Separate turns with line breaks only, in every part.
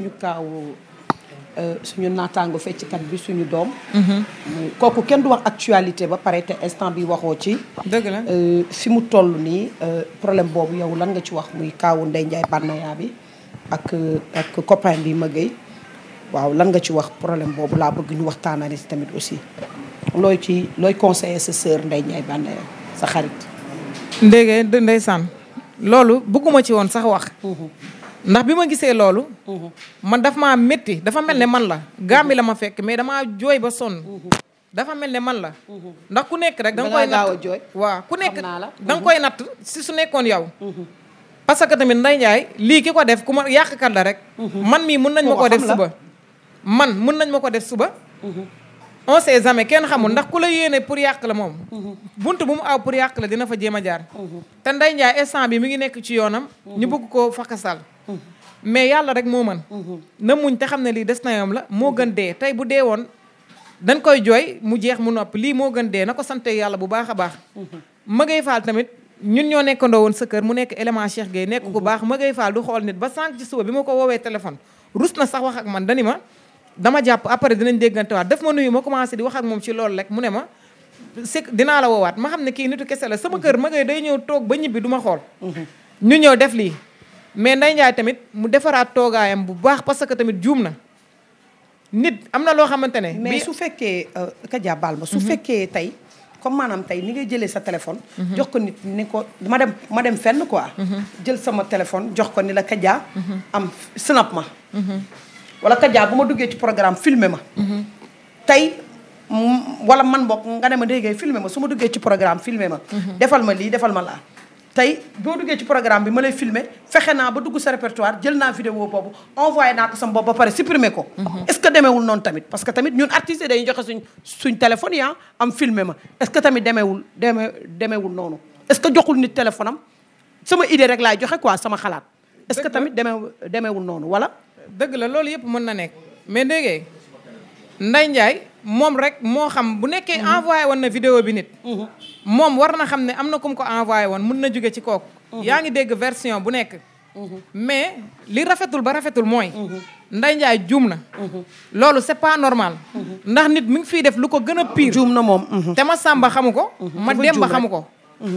ñu kaawu euh, suñu naataango fecckat bi suñu doom.
Mhm.
kooku kenn du wax actualité ba pare te instant bi waxoo ci. dëgg la euh, fi mu toll nii euh, problème boobu yow lan nga ci wax muy kaawu Ndeye Ndiaye Banaya ak ak copain bi ma gëy waaw lan nga ci wax problème boobu laa bëgg ñu waxtaanale si tamit aussi looy ci looy conseiller sa sœur Ndeye Ndiaye Banaya sa xarit. ndége ndeysaan loolu bëgguma ci woon sax wax. Mhm.
ndax bi ma gisee loolu. Mhm. man daf ma métti dafa mel ne man la mhm. bi la ma fekk mais dama jooy ba sonn. Mhm. dafa mel ne man la. ndax ku nekk rek da nga a
jooy waaw ku nekk da
nga koy natt si su nekkoon yow. parce que tamit nday njaay lii ki ko def ku ma yàqkat la rek. man mii mun nañ ma ko def suba. man mun nañ ma ko def suba. on sait kenn xamul ndax ku la yéene pour yàq la moom. bunt bu mu aw pour yàq la dina fa jéem a jaar. te nday njaay instant bi mi ngi nekk ci yoonam. ñu bëgg koo fakasal mais yàlla rek moo man mhm. na muñ te xam ne lii des na yoom la moo gën dee tey bu dee woon dañ koy jooy mu jeex mu noppi lii moo gën dee na ko sante yàlla bu baax a baax mhm. Maguette faal tamit ñun ñoo nekkandoo woon sa kër mu nekk élément Cheikh Gueye nekk ku mhm. baax Maguette Fall du xool nit ba sànq ci suba bi ma ko woowee téléphone rus na sax wax ak man dani ma dama jàpp après dinañ déggante waat daf ma nuyu ma commencé di wax ak moom ci loolu rek mu ne ma si dinaa la woowaat ma xam ne kii nitu kese la sama kër Maguette day ñëw toog ba ñibbi du ma xool mais Ndeye Ndiaye tamit mu defaraat toogaayam bu baax parce que tamit juum na nit am na loo xamante
ne. mais su fekkee euh, Kaja baal ma. su mhm. fekkee tey comme maanaam tey ni ngay jëlee sa téléphone. Mhm. jox ko nit ni ko ma dem ma dem fenn quoi. Mhm. jël sama téléphone jox ko ni la kajaa am snap ma. wala kajaa bu ma duggee ci programme filmer ma. tey wala man bokk nga ne a déggee filmer ma su ma duggee ci programme filme ma. defal ma lii defal ma laa. tey boo duggee ci programme bi ma lay filme fexe naa ba dugg sa répertoire jël naa vidéo boobu envoyé naa ko sama bopp ba pare supprimer ko. Mhm. est-ce que demeewul noonu tamit parce que tamit ñun artistes yi dañuy joxe suñ suñ téléphone yi ah, am filmer ma est-ce que tamit demeewul deme demeewul noonu est-ce que joxul nit téléphone am sama idée rek laay joxe quoi sama xalaat. est-ce que tamit demeewul demeewul noonu wala. dëgg la loolu yëpp mën na nekk mais dégg
Nday Ndiaye moom rek moo xam bu nekkee mhm. envoyé woon na vidéo bi nit mhm. moom war na xam ne am na ku ko envoyé woon mun na jóge ci kook mhm. yaa ngi dégg version bu nekk mais li rafetul ba rafetul mooy Ndeye Ndiaye na loolu c'est normal ndax nit mi ngi fiy def lu ko gën a pire na moom te ma sàmba xamu ko ma demba xamu ko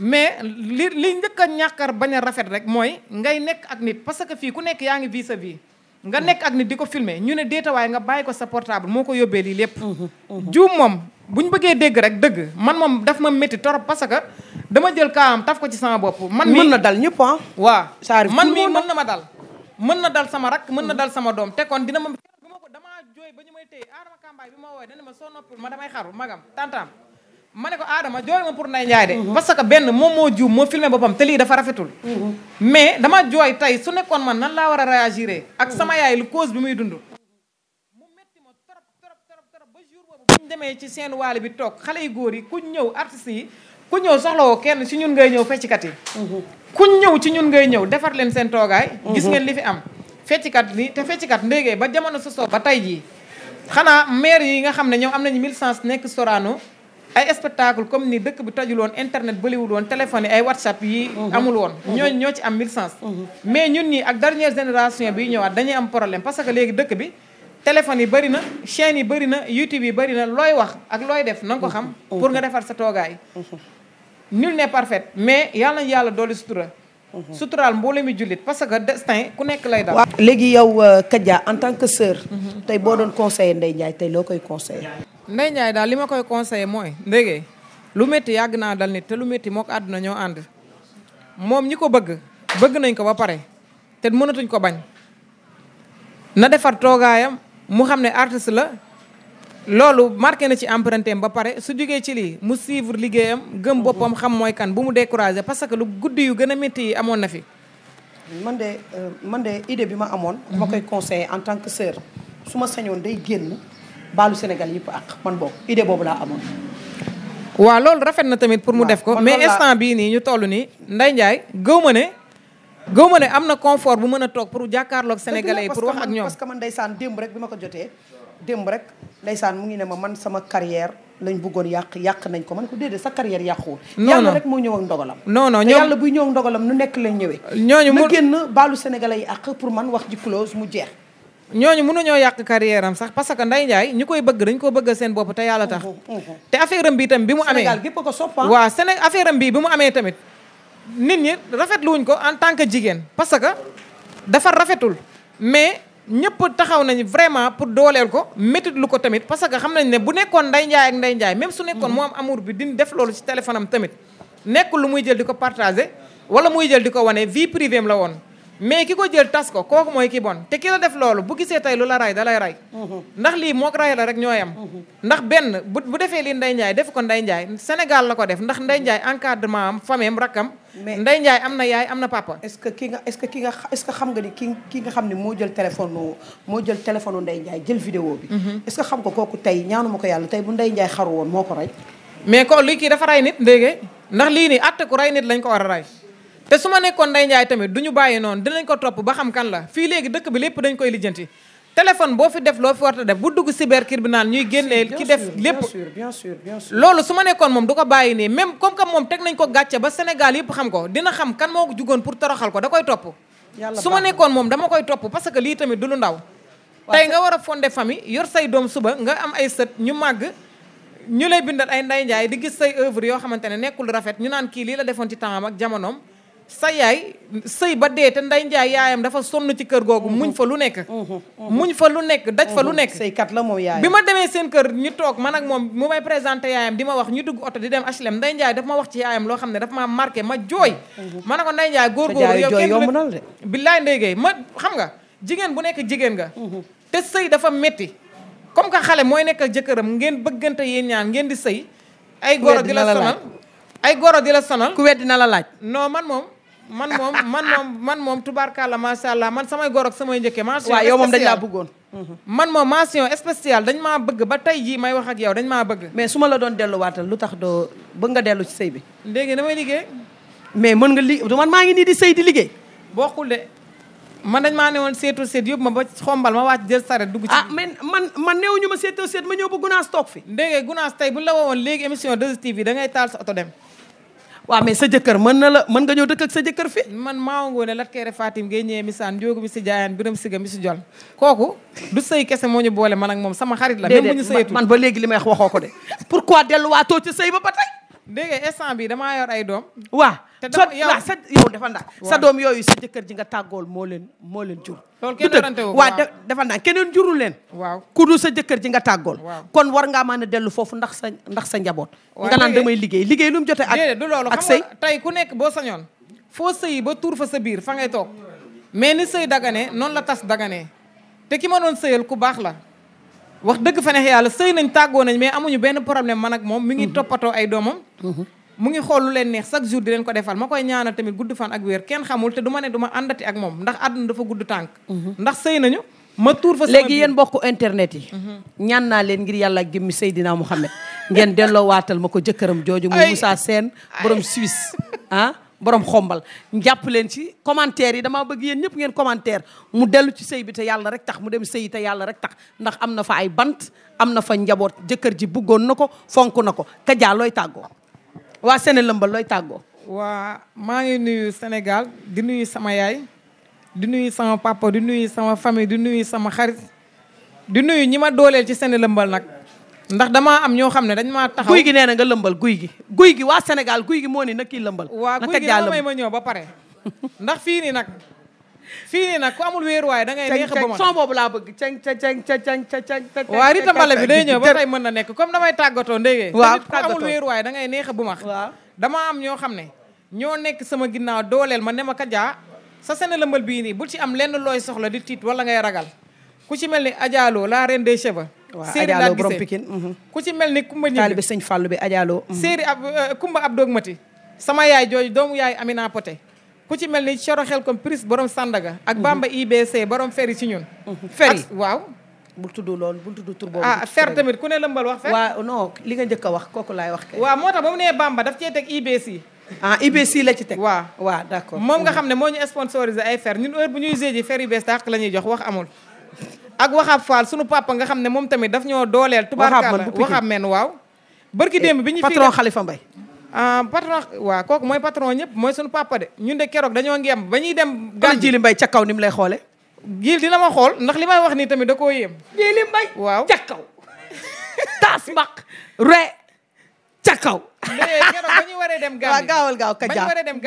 mais li li njëkk a ñàkkar bañ a rafet rek mooy ngay nekk ak nit parce que fii ku nekk yaa ngi vie sa vie nga nekk ak nit di ko filmer ñu ne déetawaay nga bàyyi ko sa portable moo ko yóbbee lii lépp juum moom bu ñu bëggee dégg rek dëgg man moom daf ma métti trop parce que dama jël kaam taf ko ci sama bopp man mii mën na dal ñëpp ah waaw man mii mën na ma dal mën na dal sama rak mën na dal sama doom te kon dina ma bi ma ko damaa jooy ba ñu may téye aadama kambaay bi ma wooye dana ma soo noppul ma damay xaru magam tantaam ma ne ko Adama jooy ma pour Ndeye Ndiaye de. Mhm. parce que benn moom moo juum moo filmé boppam te lii dafa rafetul. Mhm. mais dama jooy tey su nekkoon man nan laa war a réagir ak sama mhm. yaay lu cause bi muy dund. mu métti ma trop trop trop ba jour boobu bu ñu demee ci seen waale bi toog xale yu góor yi ku ñëw artistes yi ku ñëw soxlawoo kenn ci ñun ngay ñëw feccikat yi. kuñ ñëw ci ñun ngay ñëw defar leen seen toogaay. gis ngeen li fi am. feccikat li te feccikat ndéegee ba jamono sosoo ba tey jii xanaa maire yi nga xam ne ñoom am nañu mille sens nekk Sorano. ay spectacle comme ni dëkk bi tajul woon internet bëliwul woon téléphone yi ay whatsapp yi mhm. amul woon mhm. ñoo ñoo ci am mille sens mhm. mais ñun ñi ak dernière génération bi ñëwaat dañuy am problème parce que léegi dëkk bi téléphone yi bëri na chaîne yi bëri na youtube yi bëri na looy wax ak looy def na ko xam pour nga defar sa toogaay nul n'est parfait mais yàlla na yàlla dooli sutura suturaal mboolem mi jullit parce que destin ku nekk lay dal
léegi yow euh, Kadia en tant que sœur tey boo doon conseiller Ndeye Ndiaye tey loo koy
Ndeye Ndiaye daal li ma koy conseillé mooy ndégee lu métti yàgg naa dal nit te lu métti moo ko àdduna ñoo ànd moom ñi ko bëgg bëgg nañ ko ba pare te mënatuñ ko bañ na defar toogaayam mu xam ne artiste la loolu marqué na ci empreinte am ba pare su jógee ci lii mu suivre liggéeyam gëm boppam xam mooy kan bu mu découragé parce que lu guddi yu gën a métti yi amoon na fi
man de euh, man de idée bi ma amoon ma koy conseillé en tant que sœur su ma sañoon day génn balu Sénégal yëpp ak man bok idée bobu la amone
wa loolu rafet na tamit pour mu def ko. mais instant bi ni ñu tollu ni nday nday gëw ma ne. gëw ma ne am confort bu mën tok
pour jakarlo ak sénégalais pour wax ak ñom parce que man ndaysan demb rek bima ko joté demb rek ndaysan mu ngi ne ma man sama carrière lañ bëggoon yàq yàq nañ ko man ko dédé sa carrière yàquwul. yalla rek mo ñëw ak ndogalam. non non ñom yalla bu ñëw ak ndogalam nu nekk lañ ñëwé ñoñu mu ma génn baalu sénégalais ak
pour man wax ji close mu jeex. ñooñu mënuñoo yàq carrière sax parce que Ndeye ñu koy bëgg dañ ko bëgg seen bopp te yàlla tax te affaire am bi tam bi mu amee Sénégal gépp
ko sopp waaw
Sénégal affaire am bi bi mu amee tamit nit ñi wuñ ko en tant que jigéen parce que dafa rafetul mais ñëpp taxaw nañu vraiment pour dooleel ko métit lu ko tamit parce que xam nañ ne bu nekkoon Ndeye Ndiaye ak Ndeye Ndiaye su nekkoon moo am amour bi di def loolu ci téléphone am tamit nekkul lu muy jël di ko partagé wala muy jël di ko wane vie privée am la woon mais ki ko jël tas ko kooku mooy ki bon te ki la def loolu bu gisee tey lu la ray da lay mhm. ndax lii mook mhm. bu bu defee lii Ndeye Ndiaye def ko Ndeye la ko def na
ne moo jël téléphone moo jël téléphone Ndeye Ndiaye jël vidéo bi mhm. est-ce que xam ko kooku tey ñaanuma ko yàlla tey bu Ndeye Ndiaye xaru woon moo ko rey
mais ko lii kii dafa nit lañ ko war a ray te su ma nekkoon Ndeye tamit du ñu bàyyi noonu dinañ ko topp ba xam kan la fii léegi dëkk bi lépp dañ koy lijjanti téléphone boo fi def loo fi war a def bu dugg cyber criminal ñuy génnee ki def lépp
bien sûr loolu su ma
nekkoon moom du ko bàyyi nii même comme que moom teg nañ ko gàcce ba Sénégal yëpp xam ko dina xam kan moo ko jugoon pour toroxal ko da koy topp su ma nekkoon moom dama koy topp parce que lii tamit du lu ndaw tey nga war a fonder famille yor say doom suba nga am ay sët ñu màgg ñu lay bindal ay Ndeye di gis say œuvre yoo xamante ne nekkul rafet ñu naan kii lii la defoon ci temps ak jamonoom sa yaay sëy ba dee te nday njaay yaayam dafa sonn ci kër googu muñ fa lu nekk muñ fa lu nekk daj fa lu nekk
sëykat la moom yaayam
bi ma demee seen kër ñu toog man ak moom mu may présenté yaayam di ma wax ñu dugg oto di dem HLM nday njaay dafa ma wax ci yaayam loo xam ne dafa ma marqué ma jooy ma ne ko nday njaay góor góor yow kenn yomb na la de billaay xam nga jigéen bu nekk jigéen nga te sëy dafa metti comme que xale mooy nekk jëkkëram ngeen bëggante yéen ñaan ngeen di sëy ay góor di la sonal ay goro di la sonal ku weddi na la laaj non man moom man moom man moom man moom tubaar tubaarkàlla macha allah man samay góor ak samay njëkke mention waaw moom dañ laa bëggoon man moom mention spéciale dañ maa bëgg ba
tey jii may wax ak yow dañ maa bëgg mais su ma la doon delluwaatal lu tax doo bëgg nga dellu ci sëy bi léegi damay liggéey mais mën nga li man maa ngi nii di sëy di liggéey bokkul de man
dañ maa ne woon seetu seet yóbbu ma ba xombal ma wàcc jël saret dugg ci ah
man man néew ma seetu seet ma ñëw
ba gunaas toog fi ndégee gunaas tey bu la woowoon léegi émission 2STV da ngay taal sa oto dem
waaw mais sa jëkkër mën na la mën
nga ñëw dëkk ak sa jëkkër fi man maa ngoone lat kere Fatim ngay ñëwee mi saan njóogu mi si jaayaan biram siga mi si jol kooku du sëy kese moo ñu boole man ak moom sama xarit la même bu ñu sëyeetu man ba
léegi li may wax waxoo ko de pourquoi delluwaatoo ci sëy ba ba tey dégg nga instant bi damaa yor ay doom. waa waaw sa yow dafa ndànk sa doom yooyu sa jëkkër ji nga tàggool moo leen moo leen jur. loolu kenn dorante wu waaw dafa keneen juru leen. waaw ku dul sa jëkkër ji nga tàggool. kon war ngaa mën dellu foofu ndax sa ndax sa njaboot. nga naan damay liggéey liggéey lu mu jotee ak ak
sëy tey ku nekk boo sañoon. foo sëyi ba tuur fa sa biir fa ngay toog mais ni sëy dagane noonu la tas dagane te ki ma noon sëyal ku baax la wax dëgg fa neex yàlla sëy nañ tàggoo nañ mais amuñu benn problème man ak moom mi ngi mhm. toppatoo ay doomam mhm. mu ngi xool leen neex chaque jour di leen ko defal ma koy ñaanal tamit gudd fan ak wéer kenn xamul te du ma ne du ma àndati ak moom ndax àdduna dafa gudd
tànk mhm. ndax sëy nañu ma tuur fa léegi yéen bokk internet yi ñaan naa leen ngir yàlla gémmi Seydina Mouhamed ngeen delloo waatal ma ko jëkkëram jooju mu Moussa Sène borom Suisse ah borom xombal jàpp leen ci commentaire yi dama bëgg yéen ñëpp ngeen commentaire mu dellu ci sëy bi te yàlla rek tax mu dem sëyi te yàlla rek tax ndax am na fa ay bant am na fa njaboot jëkkër ji buggoon na ko fonk na ko Kaja looy tàggoo waa Sene lëmbal looy tàggoo
waa maa ngi nuyu senegal di nuyu sama yaay di nuyu sama papa di nuyu sama famille di nuyu sama xarit di nuyu ñi ma dooleel ci Sene lëmbal nag ndax damaa am ñoo xam ne dañ maa taxaw guy gi nee na nga lëmbal guy gi guy gi waa senegal guy gi moo ni na kii lëmbal waa guy gi may ma ñëw ba pare ndax fii nii nag fii nii nag ku amul wéeruwaay da ngay neex ba ma son
boobu laa bëgg ceng ceng ceng ceng ceng waa rita mbala bi day ñëw
mën na nekk comme damay tàggatoo ndégee waaw ku amul wéeruwaay da neex bu ma waaw damaa am ñoo xam ne ñoo nekk sama ginnaaw dooleel ma ne ma kajaa sa sene lëmbal bii nii bu ci am lenn looy soxla di tiit wala ngay ragal ku ci mel ni ajaaloo laa reine des cheveux séeri daal borom Pikine mhm. ku ci mel ni kumba ñi taalibe sëñ Fàllu bi ajaaloo mhm. séeri ab kumba euh, ab mati sama yaay jooju doomu yaay Amina Poté ku ci mel ni Coro xel comme prise borom Sandaga ak mhm. Bamba IBC borom feri ci ñun feri
waaw bul tudd loolu bul tudd tur boobu ah fer
ku ne lëmbal wax fer waaw non nga njëkk wax kooku laay wax kay moo tax ba mu nee Bamba cee teg IBC ah IBC la ci teg waaw waaw d' accord moom nga xam ne moo ñu sponsorisé ay fer ñun heure bu ñuy géej fer yu bees tàq la ñuy jox wax amul ak waxaab faal sunu papa nga xam ne moom tamit daf ñoo dooleel. tubaarkaala waxaab men waaw. barki démb bi ñu fi patron Khalifa Mbaye ah, patron waaw kooku mooy patron ñëpp mooy sunu papa de ñun keroog dañoo ngemb ba ñuy dem. gan mbay ca kaw ni mu lay xoole jil dina ma xool ndax li may wax nii tamit da koo yéem. jili mbay waaw ca kaw taas mbaq re kaw. léegi ba ñu waree dem. Gambie gaawal
gaaw ka jaar ba ñu waree
dem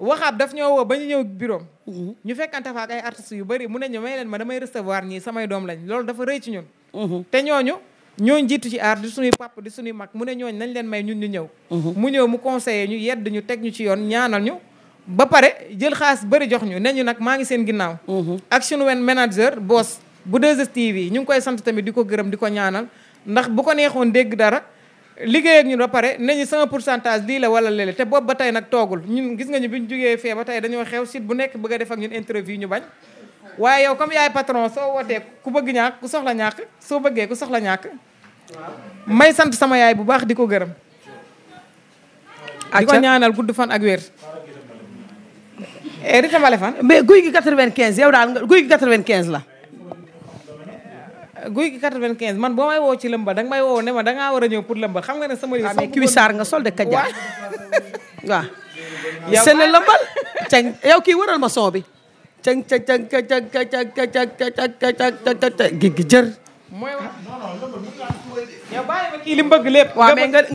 waxaab daf ñoo woo ba ñu ñëw biroom Mhm. ñu fekkante fa ak ay artistes yu bëri mu ne ñu may leen ma damay recevoir ñii samay doom lañ loolu dafa rëy ci ñun mhm. te ñooñu ñooñ jiitu ci aar di suñuy papa di suñuy mag mu ne ñooñ nañ leen may ñun ñu ñëw mhm. mu ñëw mu conseillé ñu yedd ñu teg ñu ci yoon ñaanal ñu ba pare jël xaas bari jox ñu ne ñu nag maa ngi seen ginnaaw ak suñu wen manager boss bu 2STV ñu ngi koy sant tamit di ko gërëm di ko ñaanal ndax bu ko neexoon dégg dara liggéey ak ñun ba pare nañu sama pourcentage lii la wala léeg te boobu ba tey nag toogul ñun gis nga ñu bi ñu jógee fee ba tey dañoo xew site bu nekk bëgg a def ak ñun interview ñu bañ waaye yow comme yaay patron soo wootee ku bëgg ñàkk ku soxla ñàkk soo bëggee ku soxla ñàkk may sant sama yaay bu baax di ko gërëm di ko ñaanal gudd fan ak wér eh, Rita Mbalefane mais guy gi 95 yow daal guy gi 95 la guy gi 95 man boo may woo ci lëmbal danga may woo ne ma dangaa war a ñëw pour lëmbal xam nga ne sama. waaw mais cuissard nga sol de kajaar
waaw. yow seen lëmbal. cang yow kii waral ma son bi. cang cang cang cang cang cang cang cang gi gi jër.
mooy wax non non yow
bàyyi ma kii li mu bëgg lépp.